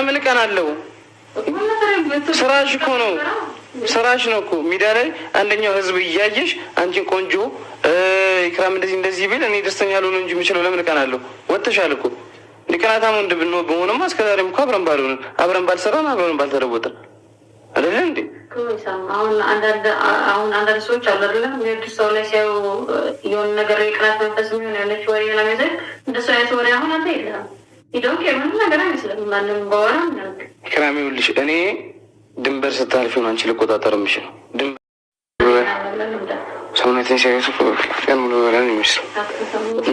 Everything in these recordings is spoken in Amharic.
ለምን ቀን አለው? ስራሽ እኮ ነው፣ ስራሽ ነው እኮ ሚዲያ ላይ አንደኛው ህዝብ እያየሽ አንቺን ቆንጆ ኢክራም እንደዚህ እንደዚህ ቢል እኔ ደስተኛ ልሆን እንጂ የምችለው ለምን ቀን አለው? ወጥተሻል እኮ ቅናታም ወንድ ብን በሆነማ እስከዛሬም እኮ አብረን ባልሆን አብረን ባልሰራን አብረን ባልተለወጥን አይደለ እንዴ? አሁን አንዳንድ ሰዎች አሉ አይደለ የሚወዱ ሰው ላይ ሲያዩ የሆነ ነገር የቅናት መንፈስ የሚሆን ያለች ወሬ ለመዘግ እንደሱ አይነት ወሬ አሁን አንተ የለም ክራሚ ይኸውልሽ፣ እኔ ድንበር ስታልፊ ሆን አንቺ ልቆጣጠር የምችል ሰውነትን ሲያዩት ቀን ሙሉ በላን ይመስል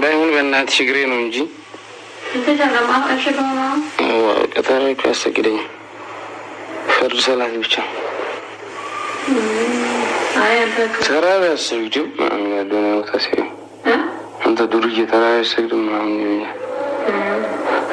ባይሆን በእናትሽ እግሬ ነው እንጂ ቀጠሮ ያሰግደኝ ፈርድ ሰላት ብቻ ተራዊ ያሰግድም ምናምን ያለ ቦታ ሲያዩ አንተ ዱርዬ ተራዊ ያሰግድም ምናምን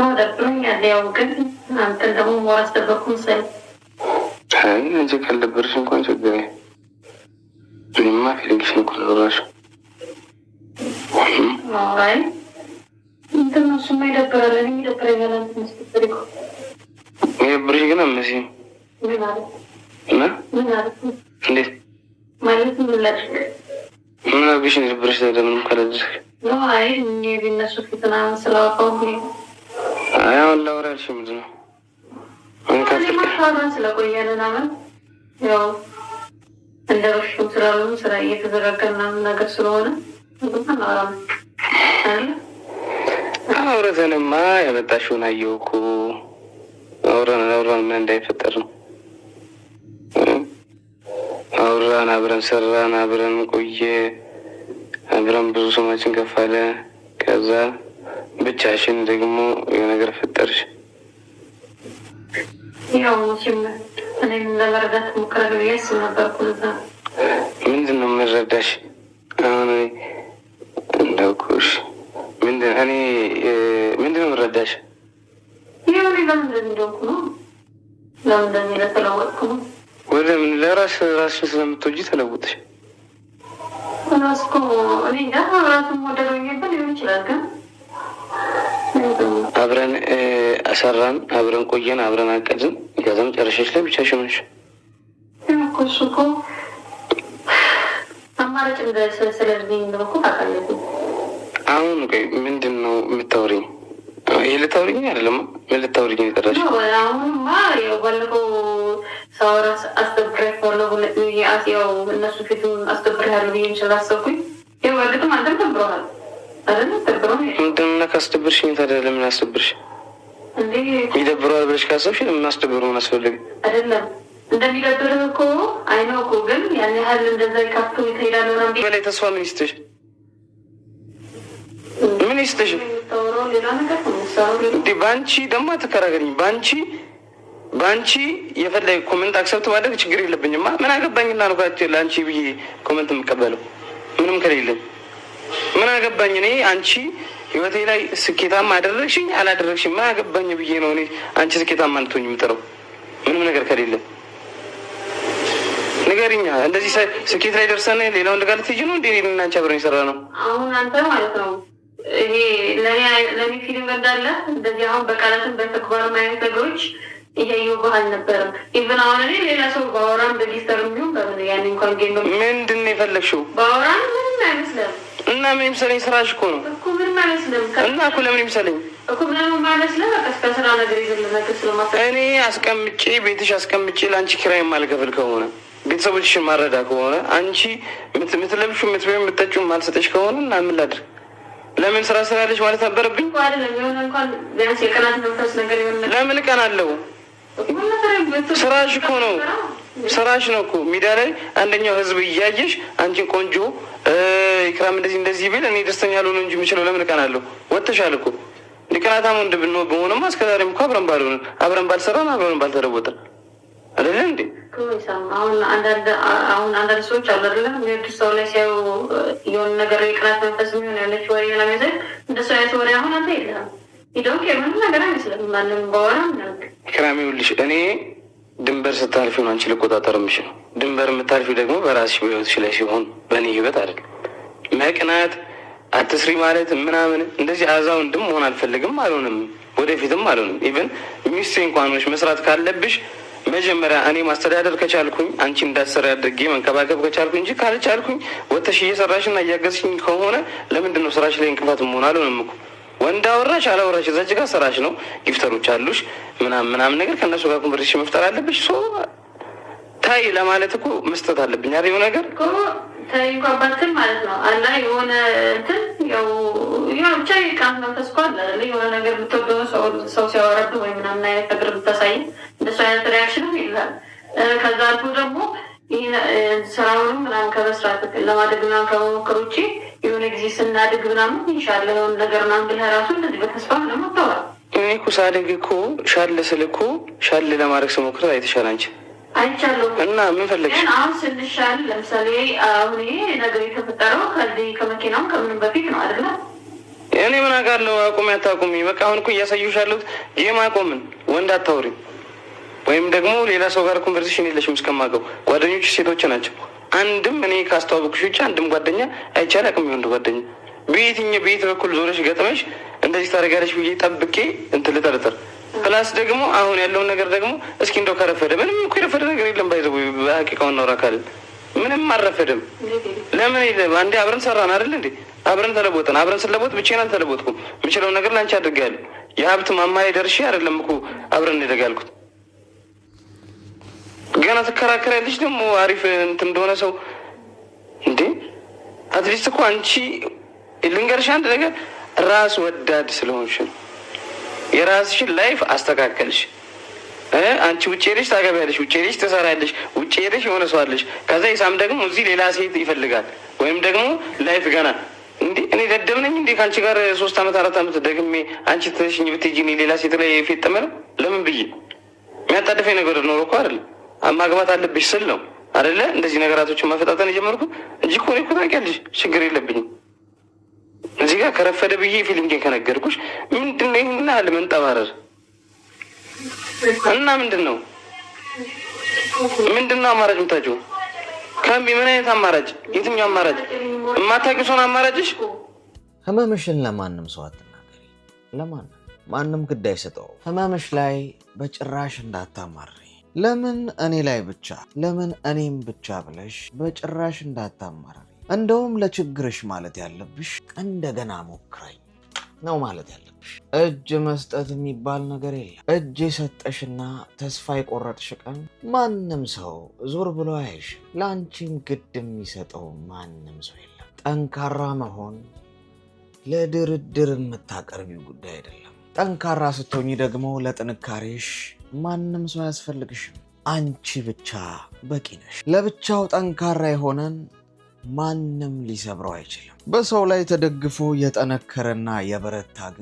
ነው ደብሮኛል። ያው ግን አንተን ደግሞ ሞር አስደበቅኩ መሰለኝ። አይ አንቺ ካልደበረሽ እንኳን ችግር ምንም አልፈልግሽ እንኳን ራሱ አይ እንትን ነው እሱማ ይደብራል። እኔ ይደብረኛል። አንተ መስፈልግ ይደብርሽ ግን አመሲ እንዴት ማለት ምን ላድርግ ምን አልኩሽ? ይደብርሽ ታዲያ ምንም ካላደረግሽ አይ እኔ ቢነሱ ፊትና ስላወቀው አሁን ላውራ ያልሽኝ ምንድን ነው? ስለቆየን ምናምን ያው እንደ በፊቱ ስራ እየተዘረጋ ምናምን ነገር ስለሆነ አውረተንማ ያመጣሽውን አየሁ እኮ አውረን አውረን ምን እንዳይፈጠር ነው አውራን አብረን ሰራን አብረን ቆየ አብረን ብዙ ስማችን ከፋለ ከዛ ብቻሽን ደግሞ የነገር ፈጠርሽ። ያው እኔም ለመረዳት ሞክሬ ምንድን ነው መረዳሽ? አሁን እንዳውኩሽ ምንድን እኔ ምንድን ነው መረዳሽ? ለምንድን ነው ለምንድን ለተለወጥኩ ነው ወደ ምን ለራስ ራስሽ ስለምትወጂ ተለውጥሽ ራስ እኔ እንጃ ራሱም ወደ ሊሆን ይችላል ግን አብረን ሰራን፣ አብረን ቆየን፣ አብረን አቀድን። ከዛ መጨረሻች ላይ ብቻ ሆነሽ እሱ አማራጭ ስለዚህ በኩ አሁን ቆይ ምንድን ነው የምታወሪኝ? ይህ ልታወሪኝ አይደለም። ምን ልታወሪኝ የጠራሽ? አሁንማ ያው ባለፈው ሳወራ አስደብሬህ ባለሁ ያው እነሱ ፊት አስደብሬህ ያለ ብዬ ስላሰብኩኝ ያው እርግጥም አንተም ተብረሃል ምንድነው ካስደብርሽ ታዲያ ለምን አስደብርሽ? ይደብረዋል ብለሽ ካሰብሽ ለምን አስፈልግ በላይ ተስፋ ምን ይስጥሽ? ምን ይስጥሽ? በአንቺ ደግሞ አትከራከሪኝ። በአንቺ በአንቺ ኮመንት አክሰብት ማድረግ ችግር የለብኝማ። ምን አገባኝና ነው ለአንቺ ብዬ ኮመንት የምቀበለው ምንም ከሌለኝ ምን አገባኝ እኔ አንቺ ህይወቴ ላይ ስኬታማ አደረግሽኝ አላደረግሽኝ ምን አገባኝ ብዬ ነው እኔ አንቺ ስኬታማ እንድትሆኝ የምጥረው ምንም ነገር ከሌለ ንገሪኛ። እንደዚህ ስኬት ላይ ደርሰን ሌላ ወንድ ጋር ልትሄጂ ነው እንዴ? እኔና አንቺ አብረን የሰራ ነው። አሁን አንተ ማለት ነው ይሄ ለእኔ ፊልም እንዳለ እንደዚህ አሁን በቃላትም በተግባር ማየት ነገሮች እያየሁብህ አልነበረም። ኢቨን አሁን እኔ ሌላ ሰው በአወራም በዲስተር የሚሆን በምን ያን እንኳን ምንድን ነው የፈለግሽው በአወራም እና ምን ይመስለኝ ስራሽ እኮ ነው እና እኮ ለምን ይምሰለኝ? እኔ አስቀምጬ ቤትሽ አስቀምጬ ለአንቺ ኪራይ የማልከፍል ከሆነ ቤተሰቦችሽን ማረዳ ከሆነ አንቺ የምትለብሹ የምትበዩ የምትጠጩ ማልሰጠች ከሆነ እና ምን ላድርግ? ለምን ስራ ስላለች ማለት ነበረብኝ? ለምን እቀናለሁ? ስራሽ እኮ ነው ስራሽ ነው እኮ ሚዲያ ላይ አንደኛው ህዝብ እያየሽ አንቺን ቆንጆ ኢክራም እንደዚህ እንደዚህ ቢል እኔ ደስተኛ ልሆን እንጂ የምችለው ለምን እቀናለሁ? ወጥተሻል እኮ ንቅናታ ወንድ ብንሆን በሆነማ እስከዛሬም እኮ አብረን ባልሆን አብረን ባልሰራን አብረን ባልተለወጥን አይደለ እንዴ? አሁን አንዳንድ ሰዎች አሉ አይደለም የሚወዱት ሰው ላይ ሲያዩ የሆነ ነገር የቅናት መንፈስ የሚሆን ያለች ወሬ ለመዘግ እንደሱ አይነት ወሬ አሁን አንተ የለም ሂደው ምንም ነገር አይመስለም ማንም በወራ ክራሚ ውልሽ እኔ ድንበር ስታልፊ አንቺ ልቆጣጠር የምችል ድንበር የምታልፊ ደግሞ በራስሽ በህይወትሽ ላይ ሲሆን በእኔ ህይወት አይደለም። መቅናት አትስሪ ማለት ምናምን እንደዚህ አዛውንድም መሆን አልፈልግም፣ አልሆንም፣ ወደፊትም አልሆንም። ኢቨን ሚስቴ እንኳን እንኳኖች መስራት ካለብሽ መጀመሪያ እኔ ማስተዳደር ከቻልኩኝ አንቺ እንዳሰራ አድርጌ መንከባከብ ከቻልኩኝ እንጂ ካልቻልኩኝ ወተሽ እየሰራሽና እያገዝሽኝ ከሆነ ለምንድን ነው ስራሽ ላይ እንቅፋት መሆን አልሆንም እኮ ወንድ አወራሽ አላወራሽ እዛች ጋር ስራሽ ነው። ጊፍተሮች አሉሽ ምናም ምናምን ነገር ከእነሱ ጋር ኮንቨርሽ መፍጠር አለብሽ። ሶ ታይ ለማለት እኮ መስጠት አለብኝ አይደል? የሆነ ነገር ታይ እኮ አባትህን ማለት ነው አላ የሆነ እንትን ያው ያው ብቻ የቃት መንፈስኳ አለ የሆነ ነገር ብትወደው ሰው ሲያወረድ ወይ ምናምን አይነት ነገር ብታሳይ እንደሱ አይነት ሪያክሽንም ይላል። ከዛ አልፎ ደግሞ ይህ ስራውንም ምናምን ከመስራት ለማደግ ምናምን ከመሞከር ውጪ የሆነ ጊዜ ስናድግ ምናምን ይሻለ ነገር ምናምን ብለህ ራሱ እንደዚህ በተስፋ ለማታወራ እኔ እኮ ሳድግ እኮ ሻል ስል እኮ ሻል ለማድረግ ስሞክር አይተሻል አንቺ አይቻለሁ እና ምን ፈለግሽ አሁን ስንሻል ለምሳሌ አሁን ይሄ ነገር የተፈጠረው ከዚህ ከመኪናው ከምንም በፊት ነው አይደለ እኔ ምን አውቃለሁ አቁሚ አታቁሚ በቃ አሁን እኮ እያሳዩሽ ያለሁት ጌም አቆምን ወንድ አታውሪም፣ ወይም ደግሞ ሌላ ሰው ጋር ኮንቨርሴሽን የለሽም እስከማውቀው ጓደኞች ሴቶች ናቸው አንድም እኔ ካስተዋወቅሽ ውጭ አንድም ጓደኛ አይቻል አቅም የወንድ ጓደኛ በየትኛ በየት በኩል ዞረሽ ገጥመሽ እንደዚህ ታደርጋለሽ ብዬ ጠብቄ እንትን ልጠርጥር። ፕላስ ደግሞ አሁን ያለውን ነገር ደግሞ እስኪ እንደው ከረፈደ ምንም እኮ የረፈደ ነገር የለም። ባይዘ በሀቂቃውን ነው ራካል ምንም አልረፈደም። ለምን አንዴ አብረን ሰራን አይደል እንዴ? አብረን ተለቦጠን አብረን ስለቦጥ ብቻዬን አልተለቦጥኩም። የምችለው ነገር ለአንቺ አድርጌያለሁ። የሀብት ማማ ላይ ደርሼ አይደለም እኮ አብረን እንደጋልኩት ገና ትከራከር ያለች ደግሞ አሪፍ እንትን እንደሆነ ሰው እንዴ አትሊስት እኮ አንቺ ልንገርሽ አንድ ነገር ራስ ወዳድ ስለሆንሽ ነው። የራስሽን ላይፍ አስተካከልሽ። አንቺ ውጭ ሄደሽ ታገቢያለሽ፣ ውጭ ሄደሽ ትሰሪያለሽ፣ ውጭ ሄደሽ የሆነ ሰው አለሽ። ከዛ የሳም ደግሞ እዚህ ሌላ ሴት ይፈልጋል ወይም ደግሞ ላይፍ ገና እንዲ እኔ ደደብ ነኝ እንዴ ከአንቺ ጋር ሶስት ዓመት አራት ዓመት ደግሜ አንቺ ትንሽኝ ብትጂኒ ሌላ ሴት ላይ ፌጥ ነው ለምን ብዬ የሚያጣድፈኝ ነገር ኖሮ እኮ አይደለም። ማግባት አለብሽ ስል ነው አደለ? እንደዚህ ነገራቶችን መፈጣጠን የጀመርኩ እጅ እኮ እኔ እኮ ታውቂያለሽ፣ ችግር የለብኝም። እዚህ ጋር ከረፈደ ብዬ ፊሊንጌን ከነገርኩሽ ምንድን ነው ይህን ያህል መንጠባረር እና ምንድን ነው ምንድን ነው አማራጭ የምታጭው? ከምቢ ምን አይነት አማራጭ? የትኛው አማራጭ? የማታውቂው ሰውን አማራጭሽ ህመምሽን ለማንም ሰው አትናገሪ። ለማንም ማንም ግድ አይሰጠው። ህመምሽ ላይ በጭራሽ እንዳታማሪ ለምን እኔ ላይ ብቻ ለምን እኔም ብቻ ብለሽ በጭራሽ እንዳታማረሪ። እንደውም ለችግርሽ ማለት ያለብሽ እንደገና ሞክረኝ ነው ማለት ያለብሽ። እጅ መስጠት የሚባል ነገር የለም። እጅ የሰጠሽና ተስፋ የቆረጥሽ ቀን ማንም ሰው ዞር ብሎ አይሽ። ለአንቺም ግድ የሚሰጠው ማንም ሰው የለም። ጠንካራ መሆን ለድርድር የምታቀርቢው ጉዳይ አይደለም። ጠንካራ ስትሆኚ ደግሞ ለጥንካሬሽ ማንም ሰው አያስፈልግሽም። አንቺ ብቻ በቂ ነሽ። ለብቻው ጠንካራ የሆነን ማንም ሊሰብረው አይችልም። በሰው ላይ ተደግፎ የጠነከረና የበረታ ግን